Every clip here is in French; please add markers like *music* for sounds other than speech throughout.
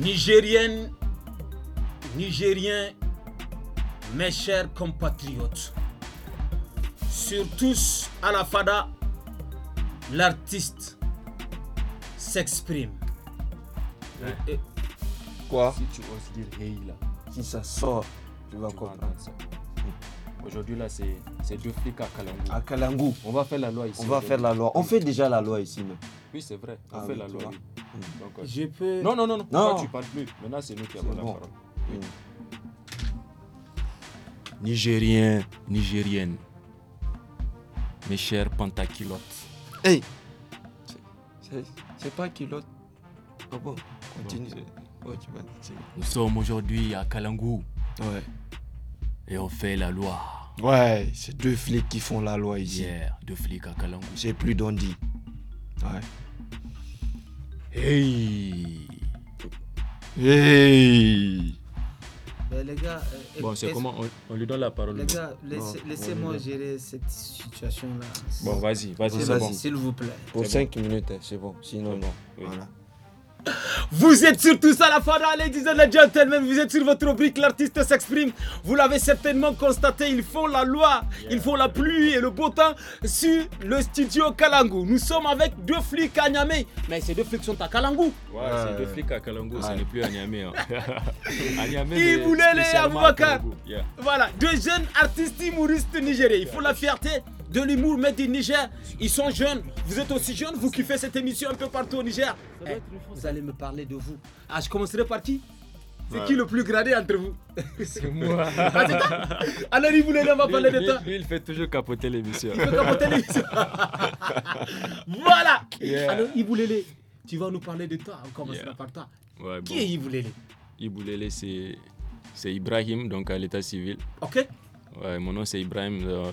Nigérienne, nigérien mes chers compatriotes, surtout à la FADA, l'artiste s'exprime. Quoi Si tu oses dire hey là, si ça sort, tu vas comprendre ça. Hmm. Aujourd'hui là, c'est deux flics à Kalangou. À On va faire la loi ici. On va faire la loi. On fait déjà la loi ici. non Oui, c'est vrai. On ah fait la loi je euh, peux. Non, non, non, non. Pourquoi tu parles plus Maintenant, c'est nous qui avons la parole. Nigérien, Nigérienne, mes chers pantakilotes. Hey C'est pas kilote. Ah bon, continue. Nous sommes aujourd'hui à Kalangou. Ouais. Et on fait la loi. Ouais, c'est deux flics qui font la loi ici. Hier, deux flics à Kalangou. C'est plus Dondi. Ouais. Hey Hey les gars, euh, euh, bon, c'est comment on, lui donne la parole. Les gars, laissez-moi gérer cette situation-là. Bon, vas-y, vas-y, c'est vas bon. S'il vous plaît. Pour 5 minutes, hein, c'est bon. Sinon, non. Voilà. Vous êtes sur tout ça la fada, ladies and gentlemen. Vous êtes sur votre rubrique, l'artiste s'exprime. Vous l'avez certainement constaté, il faut la loi, il faut la pluie et le beau temps sur le studio Kalangu. Nous sommes avec deux flics à Niamey. Mais ces deux flics sont à Kalangu. Ouais, ces deux flics à Kalangu, ce n'est plus à Niamey. Hein. *laughs* voulait les Voilà, deux jeunes artistes humoristes nigériens. Il faut la fierté de l'humour mais du Niger. Ils sont jeunes. Vous êtes aussi jeunes, vous kiffez cette émission un peu partout au Niger. Eh, vous allez me parler de vous. Ah, je commencerai par qui c'est bah. qui le plus gradé entre vous C'est moi. Ah, Alors, il on va parler de toi. il fait toujours capoter l'émission. Il fait capoter l'émission. *laughs* voilà. Alors, Iboulele, tu vas nous parler de toi. On commencera par toi. qui est Iboulele Iboulele, c'est, c'est Ibrahim, donc à l'état civil. Ok. Ouais, mon nom, c'est Ibrahim. Euh,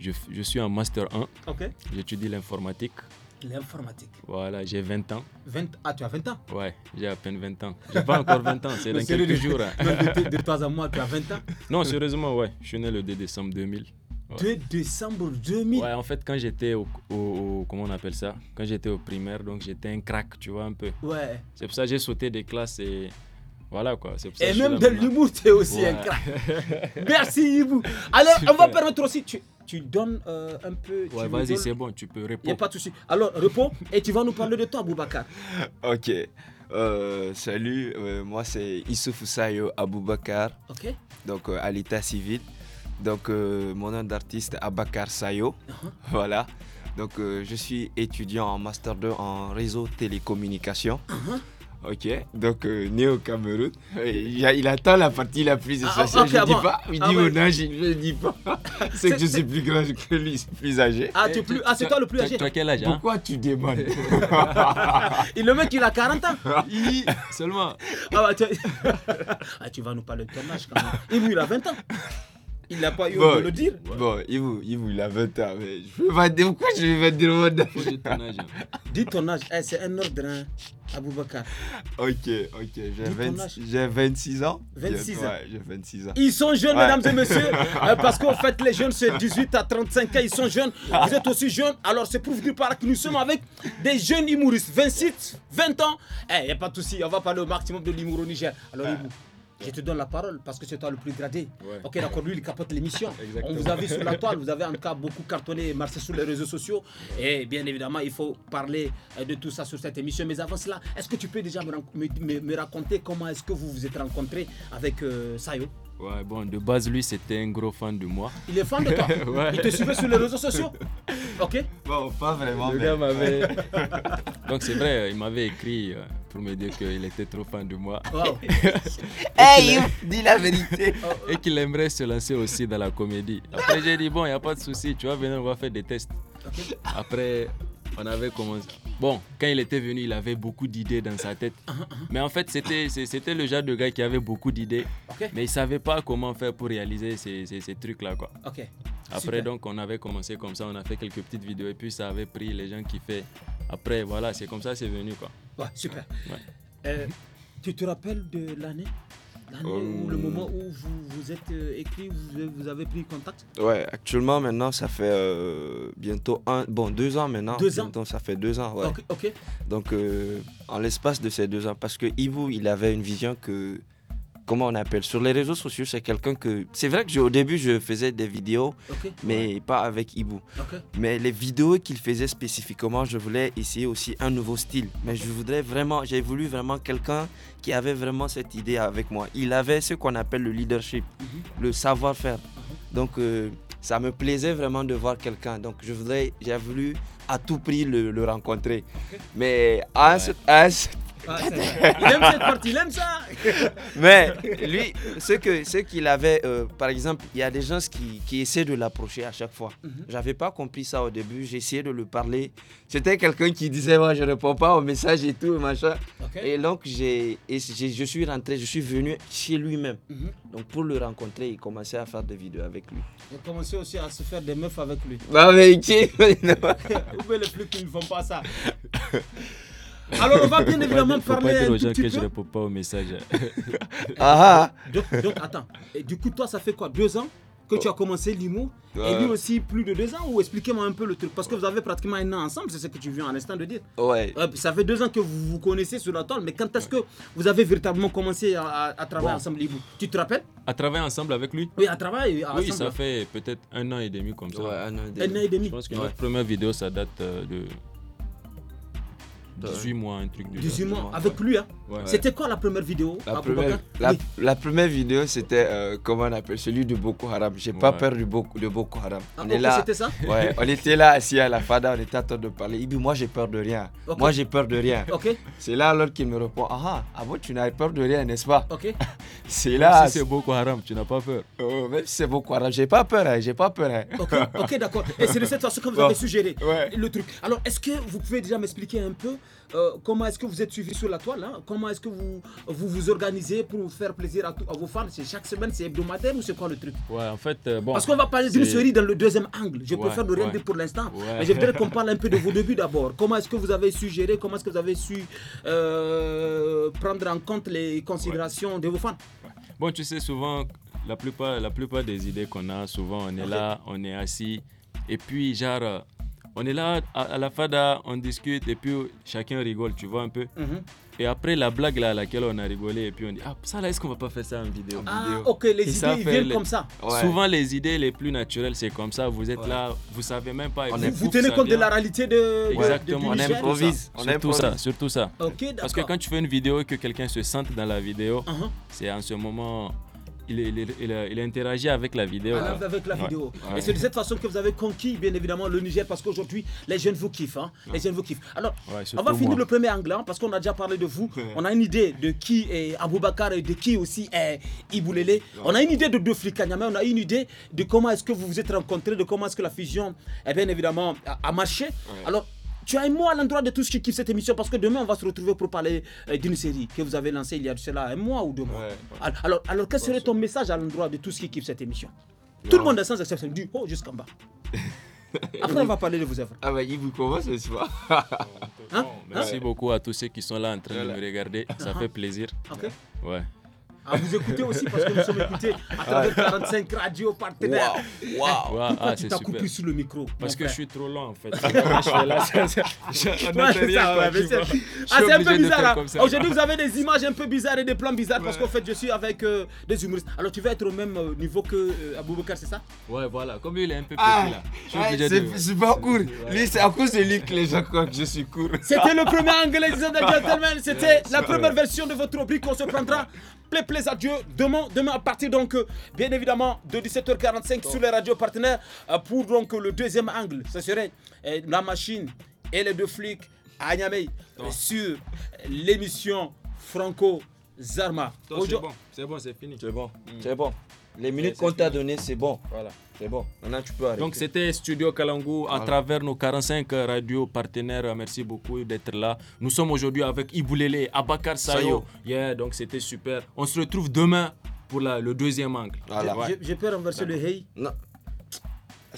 je, suis en Master 1. Ok. J'étudie l'informatique. L'informatique. Voilà, j'ai 20 ans. 20, ah, tu as 20 ans Ouais, j'ai à peine 20 ans. J'ai pas encore 20 ans, c'est dans quelques de, jours. Hein. De, toi à moi, tu as 20 ans *laughs* Non, sérieusement, ouais. Je suis né le 2 décembre 2000. 2 décembre 2000 Ouais, en fait, quand j'étais au, Comment on appelle ça Quand j'étais au primaire, donc j'étais un crack, tu vois, un peu. Ouais. C'est pour ça que j'ai sauté des classes et. Voilà quoi. Pour ça et même dans l'humour, tu es aussi un crack. *laughs* Merci, Yibou. Alors, on va permettre aussi. Tu tu donnes euh, un peu. Ouais, vas-y, c'est bon, tu peux répondre. Il de souci. Alors, réponds et tu vas nous parler de toi, Boubacar. *laughs* ok. Euh, salut, euh, moi c'est Issouf Sayo Aboubakar. Ok. Donc, à l'état civil. Donc, mon nom d'artiste Abakar Sayo. Uh-huh. *laughs* Voilà. Donc, je suis étudiant en Master 2 en réseau télécommunication. Uh-huh. Ok, donc euh, né au Cameroun, il, attend la partie la plus ah, essentielle. je ne dis ah pas, il dit mon âge, il ne dis pas. *laughs* c'est que je suis plus grand que lui, plus âgé. Ah, tu plus, ah c'est toi le plus âgé. Toi, quel âge hein? Pourquoi tu demandes *laughs* Il le mec, il a 40 ans. *laughs* Seulement. Ah, bah, ah, tu... vas nous parler de ton âge quand même. Et lui, il a 20 ans il n'a pas eu de le dire. Bon, il a 20 ans, mais je peux dire pourquoi je vais dire mon âge. Hein. Dis ton âge. Eh, c'est un ordre, hein, Aboubakar. Ok, ok, j'ai 26 ans. 26 ans. Ouais, j'ai 26 ans. Ils sont jeunes, mesdames et messieurs, *laughs* euh, parce qu'en fait, les jeunes, c'est 18 à 35 ans, ils sont jeunes. Vous êtes aussi jeunes, alors c'est prouvé du par que nous sommes avec des jeunes humoristes, 26, 20 ans. Eh, il n'y a pas de souci, on va parler au maximum de l'humour au Niger. Alors, Yvou je te donne la parole parce que c'est toi le plus gradé. Ok, d'accord, lui, il capote l'émission. On vous a vu sur la toile, vous avez en tout cas beaucoup cartonné, marché sur les réseaux sociaux. Et bien évidemment, il faut parler euh, de tout ça sur cette émission. Mais avant cela, est-ce que tu peux déjà me, raconter comment est-ce que vous vous êtes rencontré avec euh, Sayo Ouais, bon, de base, lui, c'était un gros fan de moi. Il est fan de toi *laughs* ouais. Il te suivait sur les réseaux sociaux Ok Bon, pas vraiment. m'avait. *laughs* Donc, c'est vrai, il m'avait écrit euh, pour me dire qu'il était trop fan de moi. Wow. *laughs* hey, il la vérité Et qu'il aimerait se lancer aussi dans la comédie. Après, j'ai dit, bon, il n'y a pas de souci, tu vas venir, on va faire des tests. Après, on avait commencé. Bon, quand il était venu, il avait beaucoup d'idées dans sa tête. Ah, ah, ah. Mais en fait, c'était, c'était le genre de gars qui avait beaucoup d'idées. Mais il savait pas comment faire pour réaliser ces, trucs-là. Quoi. ok Après, donc, on avait commencé comme ça. On a fait quelques petites vidéos. Et puis, ça avait pris les gens qui fait. Après, voilà, c'est comme ça, c'est venu. Quoi. Ouais, super. Euh, tu te rappelles de l'année ou le moment où hum. vous vous êtes euh, écrit, vous, avez pris contact Ouais, actuellement maintenant ça fait euh, bientôt un, bon deux ans maintenant. Deux Ça fait deux ans, ouais. Ok. Donc euh, en l'espace de ces deux ans, parce que Ivo il avait une vision que comment on appelle sur les réseaux sociaux c'est quelqu'un que c'est vrai que au début je faisais des vidéos mais pas avec Ibu mais les vidéos qu'il faisait spécifiquement je voulais essayer aussi un nouveau style mais je voudrais vraiment j'ai voulu vraiment quelqu'un qui avait vraiment cette idée avec moi il avait ce qu'on appelle le leadership mhm. le savoir-faire mhm. donc euh, ça me plaisait vraiment de voir quelqu'un donc je voudrais j'ai voulu à tout prix le, rencontrer mais à, ce ah, il aime cette partie, il aime ça. *laughs* Mais lui, ce que ce qu'il avait, euh, par exemple, il y a des gens qui, qui essaient de l'approcher à chaque fois. Mhm. J'avais pas compris ça au début. J'essayais de lui parler. C'était quelqu'un qui disait moi je réponds pas aux messages et tout machin. Et donc j'ai je suis rentré, je suis venu chez lui-même. Mhm. Donc pour le rencontrer, il commençait à faire des vidéos avec lui. Il commençait aussi à se faire des meufs avec lui. Bah mais qui *laughs* *laughs* Où est le plus qu'ils ne font pas ça alors, on va bien évidemment parler. Pas dire aux gens que je ne réponds pas au message. Ah, ah donc, donc, attends. Et du coup, toi, ça fait quoi Deux ans que tu as commencé l'IMO et lui aussi plus de deux ans ou expliquez-moi un peu le truc parce que vous avez pratiquement un an ensemble c'est ce que tu viens en instant de dire ouais. Euh, ça fait deux ans que vous vous connaissez sur la toile mais quand est-ce que vous avez véritablement commencé à, travailler ensemble tu te rappelles à travailler ensemble avec lui oui à travailler ensemble. oui ça fait peut-être un an et demi comme ça ouais, un, an et demi. je pense que notre première vidéo ça date euh, de 18 mois, un truc de 18 mois, avec lui. Hein. C'était quoi la première vidéo La, première, vidéo, c'était, euh, comment on appelle, celui de Boko Haram. J'ai pas peur du de Boko Haram. Ah, on là. C'était ça on *laughs* était là assis à la fada, on était en train de parler. Il dit, moi j'ai peur de rien. Moi j'ai peur de rien. C'est là alors qu'il me répond, ah ah, avant tu n'as peur de rien, n'est-ce pas *laughs* c'est là. c'est Boko Haram, tu n'as pas peur. Oh, c'est Boko Haram, j'ai pas peur, hein, j'ai pas peur. Hein. Ok, d'accord. Et c'est de cette façon que vous *laughs* avez suggéré le truc. Alors, est-ce que vous pouvez déjà m'expliquer un peu euh, comment est-ce que vous êtes suivi sur la toile hein? Comment est-ce que vous, vous, vous organisez pour faire plaisir à, vos fans C'est chaque semaine, c'est hebdomadaire ou c'est quoi le truc Ouais, en fait, euh, Parce qu'on va parler d'une série dans le deuxième angle. Je préfère ne rien dire pour l'instant. Mais je voudrais *laughs* qu'on parle un peu de vos débuts d'abord. Comment est-ce que vous avez su gérer Comment est-ce que vous avez su euh, prendre en compte les considérations de vos fans Bon, tu sais, souvent, la plupart, la plupart des idées qu'on a, souvent, on est là, on est assis. Et puis, genre on est là à, la fada, on discute et puis chacun rigole, tu vois un peu. Mhm. Et après la blague là à laquelle on a rigolé et puis on dit ah ça là est-ce qu'on va pas faire ça en vidéo. Ah ok les idées viennent comme ça. Souvent les idées les plus naturelles c'est comme ça. Vous êtes là, vous savez même pas. On vous, tenez compte de la réalité de. Exactement. on improvise. On ça, surtout ça. Parce que quand tu fais une vidéo et que quelqu'un se sente dans la vidéo, uh-huh. c'est en ce moment il, il, a, interagi avec la vidéo. Ah, avec la vidéo. Et c'est de cette façon que vous avez conquis, bien évidemment, le Niger, parce qu'aujourd'hui, les jeunes vous kiffent. Hein. Les jeunes vous kiffent. Alors, on va finir le premier angle, hein, parce qu'on a déjà parlé de vous. on a une idée de qui est Bakar et de qui aussi est Iboulele. On a une idée de deux mais on a une idée de comment est-ce que vous vous êtes rencontrés, de comment est-ce que la fusion, est bien évidemment, a marché. Alors, tu as un mot à l'endroit de tous ceux qui kiffent cette émission parce que demain on va se retrouver pour parler euh, d'une série que vous avez lancée il y a cela un mois ou deux mois. Alors, alors quel serait ton message à l'endroit de tous ceux qui kiffent cette émission Tout le monde a sans exception du haut oh, jusqu'en bas. *laughs* Après, on va parler de vos œuvres. Ah bah, il vous commence, ce soir. Hein? Merci beaucoup à tous ceux qui sont là en train de me regarder. Ça ah, fait ah. plaisir. Ouais à vous écouter aussi parce que nous sommes écoutés à travers 45 radios partenaires. Waouh! Wow. tu t'as coupé sous le micro? Parce que je suis trop lent en fait. Ah, c'est un peu bizarre. Hein. Aujourd'hui, vous avez des images un peu bizarres et des plans bizarres parce qu'en fait, je suis avec euh, des humoristes. Alors, tu vas être au même euh, niveau que euh, Aboubacar, c'est ça? Ouais, voilà. Comme lui, il est un peu ah, petit là. C'est pas court. Lui, c'est à cause de lui que les gens croient que je suis court. C'était le premier anglais, les C'était *laughs* la première version de votre rubrique qu'on se prendra plais plaît à Dieu. Demain, demain à partir donc, euh, bien évidemment, de 17h45 sur les radios partenaires euh, pour donc euh, le deuxième angle. Ce serait la machine et les deux flics à Niamey sur l'émission Franco Zarma. C'est bon, c'est bon, c'est fini. C'est bon, mm. c'est bon. Les minutes qu'on t'a données, c'est bon. Voilà. C'est bon. Maintenant, tu peux arrêter. Donc, c'était Studio Kalangu à travers nos 45 radios partenaires. Merci beaucoup d'être là. Nous sommes aujourd'hui avec Iboulele, Abakar Sayo. Yeah, donc c'était super. On se retrouve demain pour le deuxième angle. Je, peux renverser le hey Non.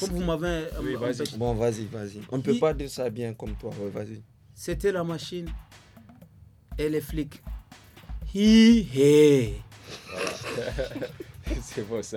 Comme vous m'avez. Euh, bon, vas-y, vas-y. On ne peut pas dire ça bien comme toi. vas-y. C'était la machine et les flics. Hi, hey. Voilà. *laughs* se você